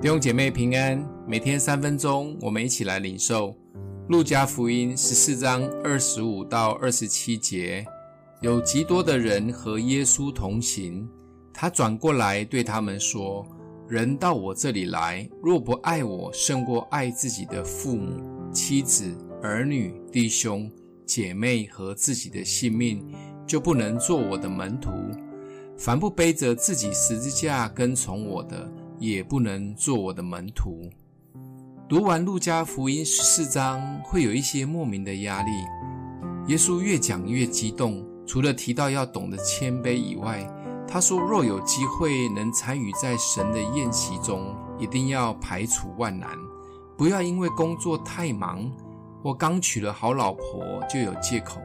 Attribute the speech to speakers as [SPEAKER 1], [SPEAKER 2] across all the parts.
[SPEAKER 1] 弟兄姐妹平安，每天三分鐘，我們一起來領受《路加福音》十四章二十五到二十七節。有極多的人和耶穌同行，他轉過來對他們說：“人到我這裡來，若不愛我勝過愛自己的父母、妻子、兒女、弟兄、姐妹和自己的性命，就不能做我的門徒。凡不背着自己十字架跟從我的。”也不能做我的門徒。讀完路加福音十四章，會有一些莫名的壓力。耶穌越講越激動，除了提到要懂得謙卑以外，他說若有機會能參與在神的宴席中，一定要排除萬難，不要因為工作太忙或剛娶了好老婆就有借口。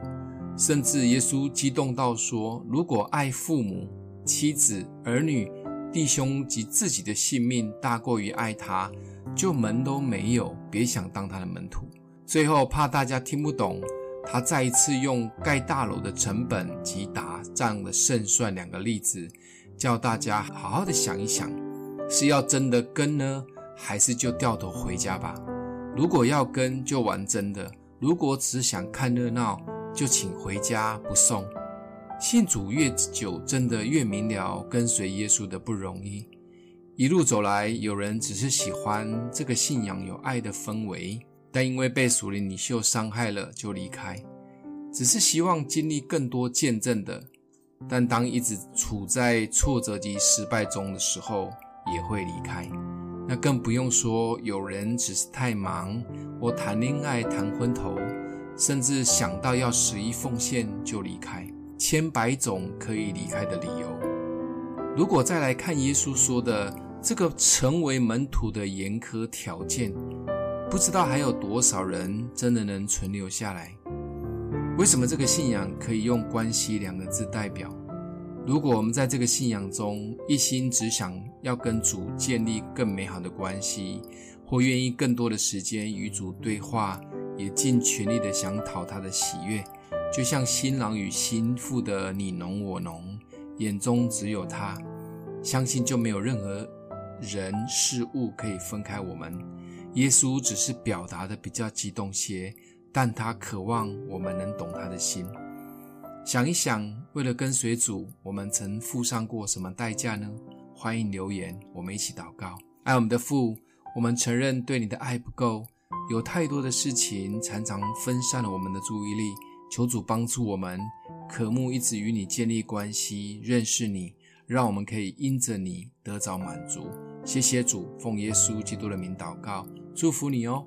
[SPEAKER 1] 甚至耶穌激動到說，如果愛父母、妻子、兒女，弟兄及自己的性命大過於愛他，就門都沒有，別想當他的門徒。最後怕大家聽不懂，他再一次用蓋大樓的成本及打仗的勝算兩個例子，叫大家好好的想一想，是要真的跟呢，還是就掉頭回家吧？如果要跟，就玩真的；如果只想看熱鬧，就請回家不送。信主越久，真的越明了跟隨耶穌的不容易。一路走來，有人只是喜歡這個信仰有愛的氛圍，但因為被屬靈領袖傷害了就離開；只是希望經歷更多見證的，但當一直處在挫折及失敗中的時候也會離開。那更不用說有人只是太忙，或談戀愛談昏頭，甚至想到要十一奉獻就離開。千百種可以離開的理由。如果再來看耶穌說的這個成為門徒的嚴苛條件，不知道還有多少人真的能存留下來？為什麼這個信仰可以用“關係”兩個字代表？如果我們在這個信仰中一心只想要跟主建立更美好的關係，或願意更多的時間與主對話，也盡全力的想討他的喜悅。就像新郎與新婦的你儂我儂，眼中只有他，相信就沒有任何人事物可以分開我們。耶穌只是表達的比較激動些，但他渴望我們能懂他的心。想一想，為了跟隨主，我們曾付上過什麼代價呢？歡迎留言，我們一起禱告。愛我們的父，我們承認對你的愛不夠，有太多的事情常常分散了我們的注意力。求主幫助我們渴慕一直與你建立關係，認識你，讓我們可以因着你得着滿足。謝謝主，奉耶穌基督的名禱告，祝福你哦。